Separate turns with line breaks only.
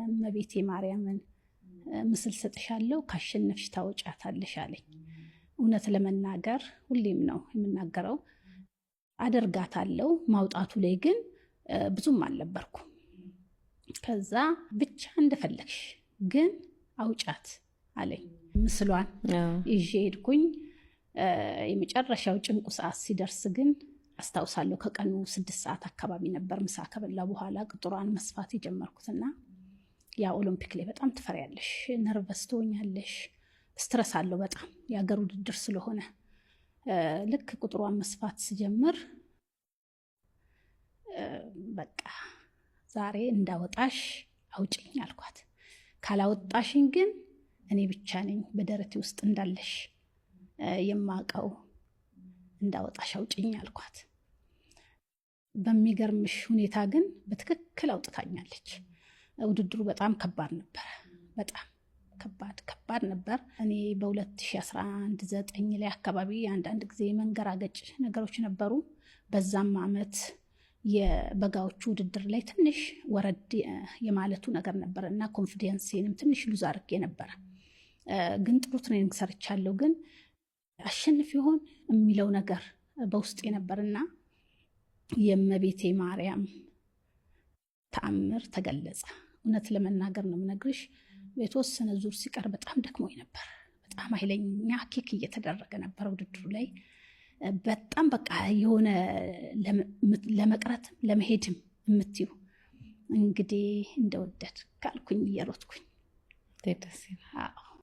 እመቤቴ ማርያምን ምስል ሰጥሻለሁ ካሸነፍሽ ታወጫታለሽ አለኝ። እውነት ለመናገር ሁሌም ነው የምናገረው አደርጋታለሁ። ማውጣቱ ላይ ግን ብዙም አልነበርኩ ከዛ ብቻ እንደፈለግሽ ግን አውጫት አለኝ። ምስሏን ይዤ ሄድኩኝ። የመጨረሻው ጭንቁ ሰዓት ሲደርስ ግን አስታውሳለሁ ከቀኑ ስድስት ሰዓት አካባቢ ነበር ምሳ ከበላ በኋላ ቁጥሯን መስፋት የጀመርኩትና ያ ኦሎምፒክ ላይ በጣም ትፈሪያለሽ፣ ነርቨስ ትሆኛለሽ፣ ስትረስ አለው በጣም የሀገር ውድድር ስለሆነ። ልክ ቁጥሯን መስፋት ስጀምር በቃ ዛሬ እንዳወጣሽ አውጭኝ አልኳት። ካላወጣሽኝ ግን እኔ ብቻ ነኝ በደረቴ ውስጥ እንዳለሽ የማውቀው፣ እንዳወጣሽ አውጭኝ አልኳት። በሚገርምሽ ሁኔታ ግን በትክክል አውጥታኛለች። ውድድሩ በጣም ከባድ ነበር። በጣም ከባድ ከባድ ነበር። እኔ በ2011 ዘጠኝ ላይ አካባቢ አንዳንድ ጊዜ መንገራገጭ ነገሮች ነበሩ። በዛም አመት የበጋዎቹ ውድድር ላይ ትንሽ ወረድ የማለቱ ነገር ነበር እና ኮንፊደንስንም ትንሽ ሉዝ አድርጌ ነበረ። ግን ጥሩ ትሬኒንግ ሰርቻለሁ። ግን አሸንፍ ይሆን የሚለው ነገር በውስጤ ነበር እና የእመቤቴ ማርያም ተአምር ተገለጸ። እውነት ለመናገር ነው የምነግርሽ፣ የተወሰነ ዙር ሲቀር በጣም ደክሞኝ ነበር። በጣም ኃይለኛ ኬክ እየተደረገ ነበር ውድድሩ ላይ በጣም በቃ የሆነ ለመቅረትም ለመሄድም የምትዩ እንግዲህ እንደወደድ ካልኩኝ እየሮጥኩኝ ደስ